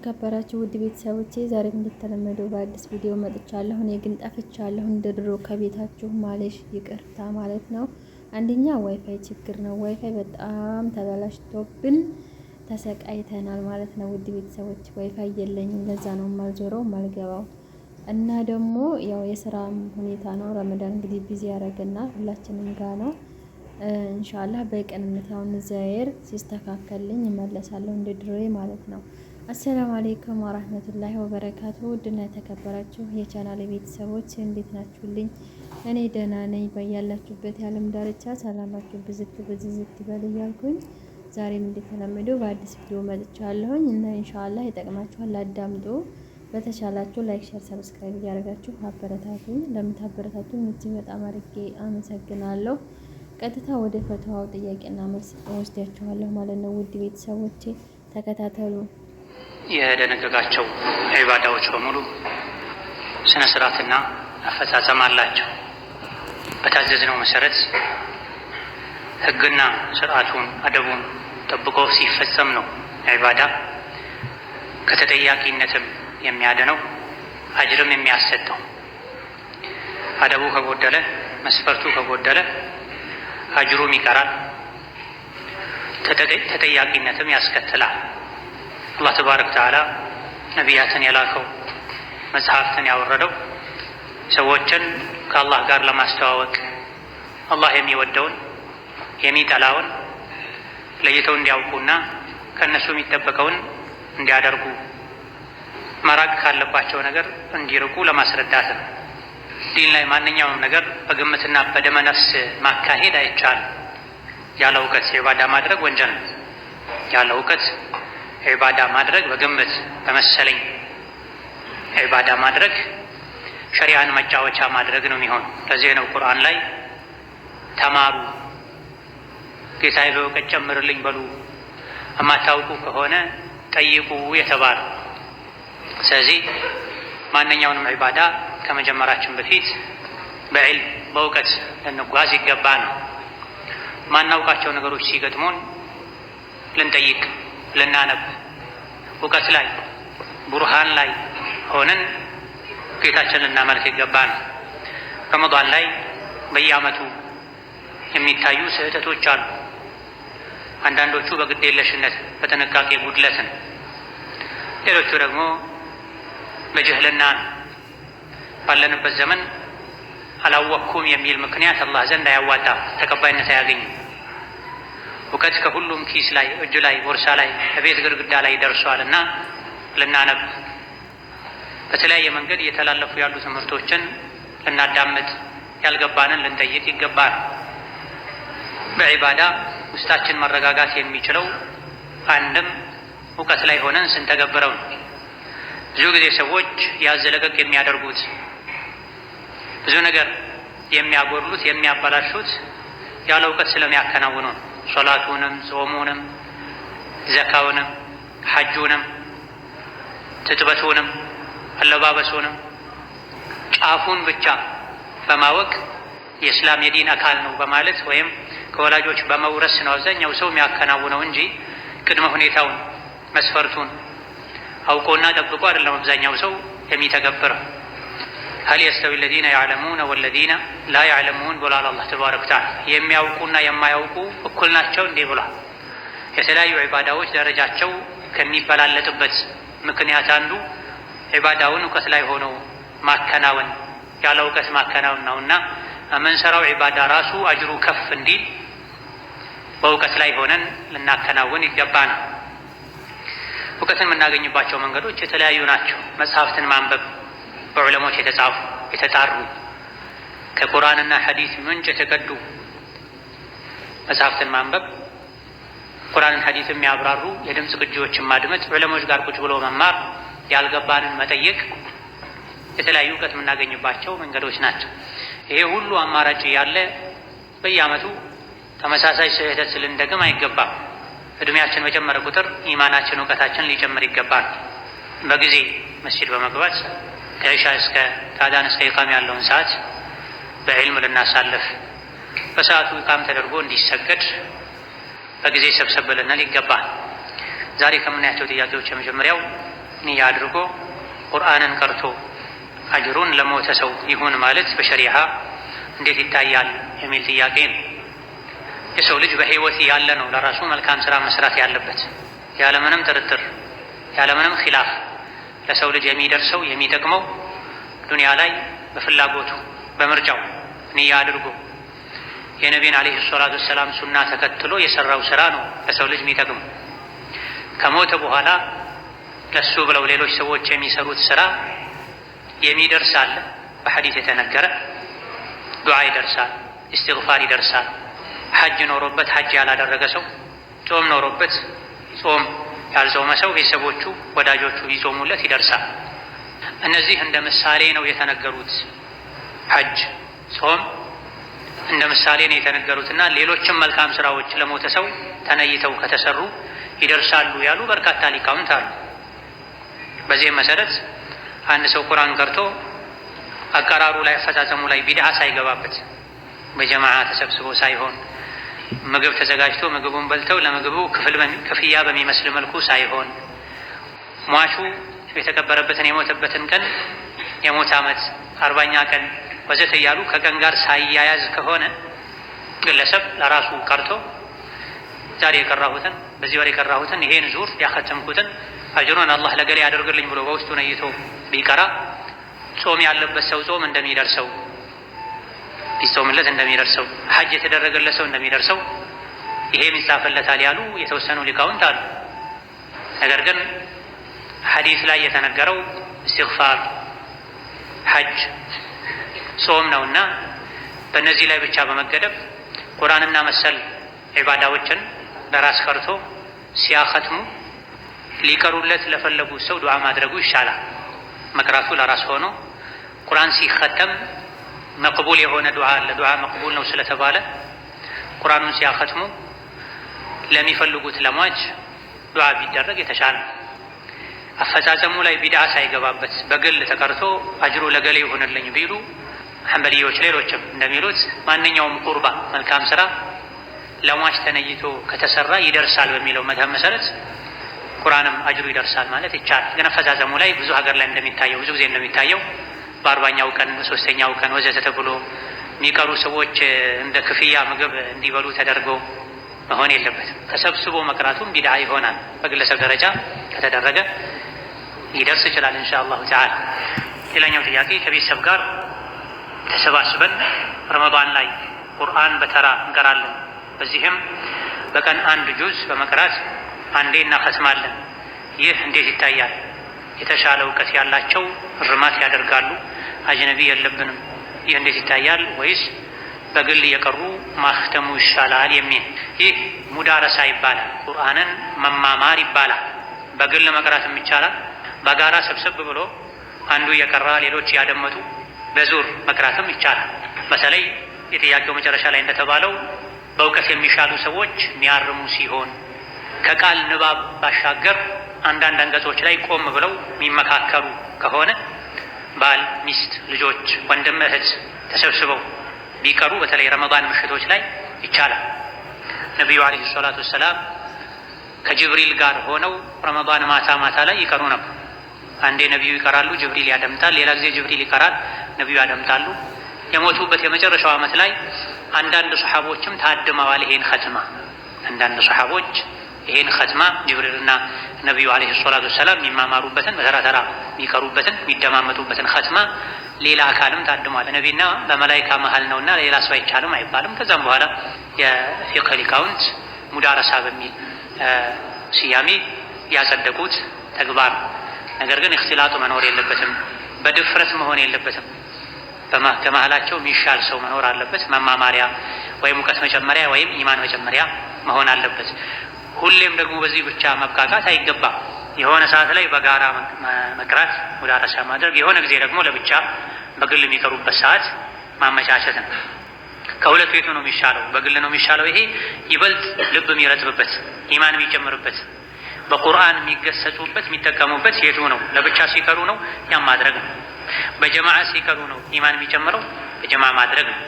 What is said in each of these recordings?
የተከበራችሁ ውድ ቤተሰቦቼ ዛሬም እንደተለመደው በአዲስ ቪዲዮ መጥቻለሁ። እኔ ግን ጠፍቻለሁ። እንደ ድሮ ከቤታችሁ ማለሽ ይቅርታ ማለት ነው። አንደኛ ዋይፋይ ችግር ነው። ዋይፋይ በጣም ተበላሽቶብን ተሰቃይተናል ማለት ነው። ውድ ቤተሰቦች ዋይፋይ የለኝም። ለዛ ነው ማልዞረው ማልገባው እና ደግሞ ያው የስራ ሁኔታ ነው። ረመዳን እንግዲህ ቢዚ ያደረገና ሁላችንም ጋ ነው። እንሻላህ በቅንነት ያው እንዘያየር ሲስተካከልኝ እመለሳለሁ እንደ ድሮዬ ማለት ነው። አሰላሙ አሌይኩም ወራህመቱላሂ ወበረካቱ። ውድና የተከበራችሁ የቻናል ቤተሰቦች እንዴት ናችሁልኝ? እኔ ደህና ነኝ። በያላችሁበት የዓለም ዳርቻ ሰላማችሁ ብዝት ብዝዝት ይበል እያልኩኝ ዛሬም እንደተለመደው በአዲስ ቪዲዮ መጥቻለሁኝ እና ኢንሻአላህ ይጠቅማችኋል፣ አዳምጡ። በተቻላችሁ ላይክ፣ ሸር ሰብስክራይብ እያደረጋችሁ አበረታቱኝ። ለምታበረታቱኝ እጅግ በጣም አድርጌ አመሰግናለሁ። ቀጥታ ወደ ፈተዋው ጥያቄና መልስ ወስዳችኋለሁ ማለት ነው። ውድ ቤተሰቦቼ ተከታተሉ። የደነገጋቸው ዒባዳዎች በሙሉ ስነ ስርዓትና አፈጻጸም አላቸው። በታዘዝነው መሰረት ህግና ስርዓቱን አደቡን ጠብቆ ሲፈጸም ነው ዒባዳ ከተጠያቂነትም የሚያድነው አጅርም የሚያሰጠው። አደቡ ከጎደለ መስፈርቱ ከጎደለ አጅሩም ይቀራል፣ ተጠያቂነትም ያስከትላል። አላህ ተባረክ ተዓላ ነቢያትን የላከው መጽሐፍትን ያወረደው ሰዎችን ከአላህ ጋር ለማስተዋወቅ አላህ የሚወደውን የሚጠላውን ለይተው እንዲያውቁና ከእነሱ የሚጠበቀውን እንዲያደርጉ መራቅ ካለባቸው ነገር እንዲርቁ ለማስረዳት ነው። ዲን ላይ ማንኛውም ነገር በግምትና በደመ ነፍስ ማካሄድ አይቻልም። ያለ እውቀት ኢባዳ ማድረግ ወንጀል ነው። ያለ እውቀት ዒባዳ ማድረግ በግምት በመሰለኝ ዒባዳ ማድረግ ሸሪአን መጫወቻ ማድረግ ነው የሚሆን። ለዚህ ነው ቁርአን ላይ ተማሩ፣ ጌታዬ በእውቀት ጨምርልኝ በሉ፣ የማታውቁ ከሆነ ጠይቁ የተባለ። ስለዚህ ማንኛውንም ዒባዳ ከመጀመራችን በፊት በዕልም በእውቀት ልንጓዝ ይገባ ነው። ማናውቃቸው ነገሮች ሲገጥሙን ልንጠይቅ ልናነብ እውቀት ላይ ቡርሃን ላይ ሆነን ጌታችን ልናመልክ ይገባል። ረመዷን ላይ በየአመቱ የሚታዩ ስህተቶች አሉ። አንዳንዶቹ በግዴለሽነት በጥንቃቄ ጉድለት ነው። ሌሎቹ ደግሞ በጅህልና ነው። ባለንበት ዘመን አላወቅኩም የሚል ምክንያት አላህ ዘንድ አያዋጣም፣ ተቀባይነት አያገኝም። እውቀት ከሁሉም ኪስ ላይ፣ እጁ ላይ፣ ቦርሳ ላይ፣ ከቤት ግድግዳ ላይ ደርሷል እና ልናነብ በተለያየ መንገድ እየተላለፉ ያሉ ትምህርቶችን ልናዳምጥ ያልገባንን ልንጠይቅ ይገባል። በዒባዳ ውስጣችን መረጋጋት የሚችለው አንድም እውቀት ላይ ሆነን ስንተገብረው ነው። ብዙ ጊዜ ሰዎች ያዘለቀቅ የሚያደርጉት ብዙ ነገር የሚያጎድሉት የሚያበላሹት ያለ እውቀት ስለሚያከናውኑ ነው። ሶላቱንም ጾሙንም ዘካውንም ሐጁንም ትጥበቱንም አለባበሱንም ጫፉን ብቻ በማወቅ የእስላም የዲን አካል ነው በማለት ወይም ከወላጆች በመውረስ ነው አብዛኛው ሰው የሚያከናውነው እንጂ ቅድመ ሁኔታውን መስፈርቱን አውቆና ጠብቆ አይደለም አብዛኛው ሰው የሚተገብረው። ሀል የስተዊ ለዚነ ያዕለሙን ወለዚነ ላ ያዕለሙን ብሏል። አላህ ተባረክ ወተዓላ የሚያውቁና የማያውቁ እኩል ናቸው እንዲህ ብሏል። የተለያዩ ዒባዳዎች ደረጃቸው ከሚበላለጥበት ምክንያት አንዱ ዒባዳውን እውቀት ላይ ሆኖ ማከናወን ያለ እውቀት ማከናወን ነውና የምንሰራው ዒባዳ ራሱ አጅሩ ከፍ እንዲል በእውቀት ላይ ሆነን ልናከናውን ይገባናል። እውቀትን የምናገኝባቸው መንገዶች የተለያዩ ናቸው። መጽሐፍትን ማንበብ በዑለሞች የተጻፉ የተጣሩ ከቁርአንና ሐዲስ ምንጭ የተቀዱ መጽሐፍትን ማንበብ፣ ቁርአንን ሐዲስ የሚያብራሩ የድምፅ ቅጂዎችን ማድመጥ፣ ዑለሞች ጋር ቁጭ ብሎ መማር፣ ያልገባንን መጠየቅ የተለያዩ እውቀት የምናገኝባቸው መንገዶች ናቸው። ይሄ ሁሉ አማራጭ ያለ በየአመቱ ተመሳሳይ ስህተት ስልንደግም አይገባም። እድሜያችን በጨመረ ቁጥር ኢማናችን፣ እውቀታችን ሊጨምር ይገባል። በጊዜ መስጂድ በመግባት ከእሻ እስከ ከአዳን እስከ ኢቃም ያለውን ሰዓት በዕልም ልናሳልፍ በሰዓቱ ኢቃም ተደርጎ እንዲሰገድ በጊዜ ሰብሰብ ብለናል ይገባል። ዛሬ ከምናያቸው ጥያቄዎች የመጀመሪያው ንያ አድርጎ ቁርአንን ቀርቶ አጅሩን ለሞተ ሰው ይሁን ማለት በሸሪዓ እንዴት ይታያል የሚል ጥያቄ ነው። የሰው ልጅ በህይወት ያለ ነው ለራሱ መልካም ስራ መስራት ያለበት ያለምንም ጥርጥር ያለምንም ኪላፍ ለሰው ልጅ የሚደርሰው የሚጠቅመው ዱንያ ላይ በፍላጎቱ በምርጫው ንያ አድርጎ የነቢን ዓለይሂ ሰላቱ ወሰላም ሱና ተከትሎ የሰራው ስራ ነው ለሰው ልጅ የሚጠቅመው። ከሞተ በኋላ ለሱ ብለው ሌሎች ሰዎች የሚሰሩት ስራ የሚደርስ አለ። በሐዲስ የተነገረ ዱዓ ይደርሳል፣ እስትግፋር ይደርሳል። ሐጅ ኖሮበት ሐጅ ያላደረገ ሰው ጾም ኖሮበት ጾም ያልጾመ ሰው ቤተሰቦቹ፣ ወዳጆቹ ቢጾሙለት ይደርሳል። እነዚህ እንደ ምሳሌ ነው የተነገሩት። ሐጅ፣ ጾም እንደ ምሳሌ ነው የተነገሩትና ሌሎችም መልካም ስራዎች ለሞተ ሰው ተነይተው ከተሰሩ ይደርሳሉ ያሉ በርካታ ሊቃውንት አሉ። በዚህም መሰረት አንድ ሰው ቁርአን ቀርቶ አቀራሩ ላይ አፈጻጸሙ ላይ ቢድዓ ሳይገባበት በጀማዓ ተሰብስቦ ሳይሆን ምግብ ተዘጋጅቶ ምግቡን በልተው ለምግቡ ክፍያ በሚመስል መልኩ ሳይሆን ሟቹ የተቀበረበትን የሞተበትን ቀን የሞት ዓመት፣ አርባኛ ቀን ወዘተ እያሉ ከቀን ጋር ሳያያዝ ከሆነ ግለሰብ ለራሱ ቀርቶ ዛሬ የቀራሁትን በዚህ ወር የቀራሁትን ይሄን ዙር ያከተምኩትን አጅሮን አላህ ለገሌ ያደርግልኝ ብሎ በውስጡ ነይቶ ቢቀራ ጾም ያለበት ሰው ጾም እንደሚደርሰው ሊጾምለት እንደሚደርሰው ሐጅ የተደረገለት ሰው እንደሚደርሰው ይሄም ይጻፈለታል ያሉ የተወሰኑ ሊቃውንት አሉ። ነገር ግን ሐዲስ ላይ የተነገረው እስትግፋር፣ ሐጅ፣ ጾም ነውና በእነዚህ ላይ ብቻ በመገደብ ቁርአንና መሰል ዒባዳዎችን በራስ ቀርቶ ሲያኸትሙ ሊቀሩለት ለፈለጉ ሰው ዱዓ ማድረጉ ይሻላል። መቅራቱ ለራስ ሆኖ ቁርአን ሲኸተም መቅቡል የሆነ ዱዓ አለ። ዱዓ መቅቡል ነው ስለተባለ ቁርአኑን ሲያከትሙ ለሚፈልጉት ለሟች ዱዓ ቢደረግ የተሻለ አፈጻጸሙ ላይ ቢድዓ ሳይገባበት በግል ተቀርቶ አጅሩ ለገሌ ይሆንልኝ ቢሉ ሐንበልዮች ሌሎችም እንደሚሉት ማንኛውም ቁርባ መልካም ስራ ለሟች ተነይቶ ከተሰራ ይደርሳል በሚለው መተም መሰረት ቁርአንም አጅሩ ይደርሳል ማለት ይቻላል። ግን አፈጻጸሙ ላይ ብዙ ሀገር ላይ እንደሚታየው ብዙ ጊዜ እንደሚታየው በአርባኛው ቀን በሶስተኛው ቀን ወዘተ ተብሎ የሚቀሩ ሰዎች እንደ ክፍያ ምግብ እንዲበሉ ተደርጎ መሆን የለበትም። ተሰብስቦ መቅራቱም ቢድዓ ይሆናል። በግለሰብ ደረጃ ከተደረገ ሊደርስ ይችላል እንሻ አላሁ ተዓላ። ሌላኛው ጥያቄ ከቤተሰብ ጋር ተሰባስበን ረመዳን ላይ ቁርአን በተራ እንቀራለን። በዚህም በቀን አንድ ጁዝ በመቅራት አንዴ እናፈትማለን። ይህ እንዴት ይታያል? የተሻለ እውቀት ያላቸው እርማት ያደርጋሉ። አጅነቢ የለብንም ይህ እንዴት ይታያል? ወይስ በግል የቀሩ ማህተሙ ይሻላል የሚል ይህ ሙዳረሳ ይባላል። ቁርአንን መማማር ይባላል። በግል መቅራትም ይቻላል። በጋራ ሰብሰብ ብሎ አንዱ እየቀራ ሌሎች ያደመጡ በዙር መቅራትም ይቻላል። በተለይ የጥያቄው መጨረሻ ላይ እንደተባለው በእውቀት የሚሻሉ ሰዎች የሚያርሙ ሲሆን ከቃል ንባብ ባሻገር አንዳንድ አንቀጾች ላይ ቆም ብለው የሚመካከሩ ከሆነ ባል፣ ሚስት፣ ልጆች፣ ወንድም፣ እህት ተሰብስበው ቢቀሩ በተለይ ረመዳን ምሽቶች ላይ ይቻላል። ነቢዩ ዓለይሂ ሰላቱ ወሰላም ከጅብሪል ጋር ሆነው ረመዳን ማታ ማታ ላይ ይቀሩ ነበር። አንዴ ነቢዩ ይቀራሉ፣ ጅብሪል ያደምጣል። ሌላ ጊዜ ጅብሪል ይቀራል፣ ነቢዩ ያደምጣሉ። የሞቱበት የመጨረሻው ዓመት ላይ አንዳንድ ሰሓቦችም ታድመዋል ይሄን ከትማ አንዳንድ ሰሓቦች ይሄን ኸትማ ጅብሪልና ነቢዩ ዓለይሂ ሰላቱ ወሰላም የሚማማሩበትን በተራ ተራ የሚቀሩበትን የሚደማመጡበትን ኸትማ ሌላ አካልም ታድሟል። ነቢና በመላይካ መሀል ነውና ሌላ ሰው አይቻልም አይባልም። ከዛም በኋላ የፊቅህ ሊቃውንት ሙዳረሳ በሚል ስያሜ ያጸደቁት ተግባር። ነገር ግን እክትላጡ መኖር የለበትም፣ በድፍረት መሆን የለበትም። ከመሀላቸው የሚሻል ሰው መኖር አለበት። መማማሪያ ወይም እውቀት መጨመሪያ ወይም ኢማን መጨመሪያ መሆን አለበት። ሁሌም ደግሞ በዚህ ብቻ መብቃቃት አይገባም። የሆነ ሰዓት ላይ በጋራ መቅራት ሙዳረሳ ማድረግ፣ የሆነ ጊዜ ደግሞ ለብቻ በግል የሚቀሩበት ሰዓት ማመቻቸት ነው። ከሁለቱ የቱ ነው የሚሻለው? በግል ነው የሚሻለው። ይሄ ይበልጥ ልብ የሚረጥብበት ኢማን የሚጨምርበት በቁርአን የሚገሰጹበት የሚጠቀሙበት የቱ ነው? ለብቻ ሲቀሩ ነው። ያም ማድረግ ነው። በጀማዓ ሲቀሩ ነው ኢማን የሚጨምረው። በጀማዓ ማድረግ ነው።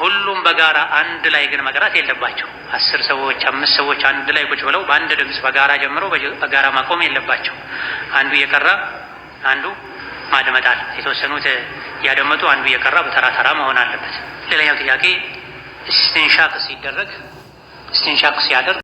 ሁሉም በጋራ አንድ ላይ ግን መቅራት የለባቸው። አስር ሰዎች አምስት ሰዎች አንድ ላይ ቁጭ ብለው በአንድ ድምፅ በጋራ ጀምሮ በጋራ ማቆም የለባቸው። አንዱ እየቀራ አንዱ ማድመጣል። የተወሰኑት እያደመጡ አንዱ እየቀራ በተራ ተራ መሆን አለበት። ሌላኛው ጥያቄ እስትንሻቅ ሲደረግ እስትንሻቅ ሲያደርግ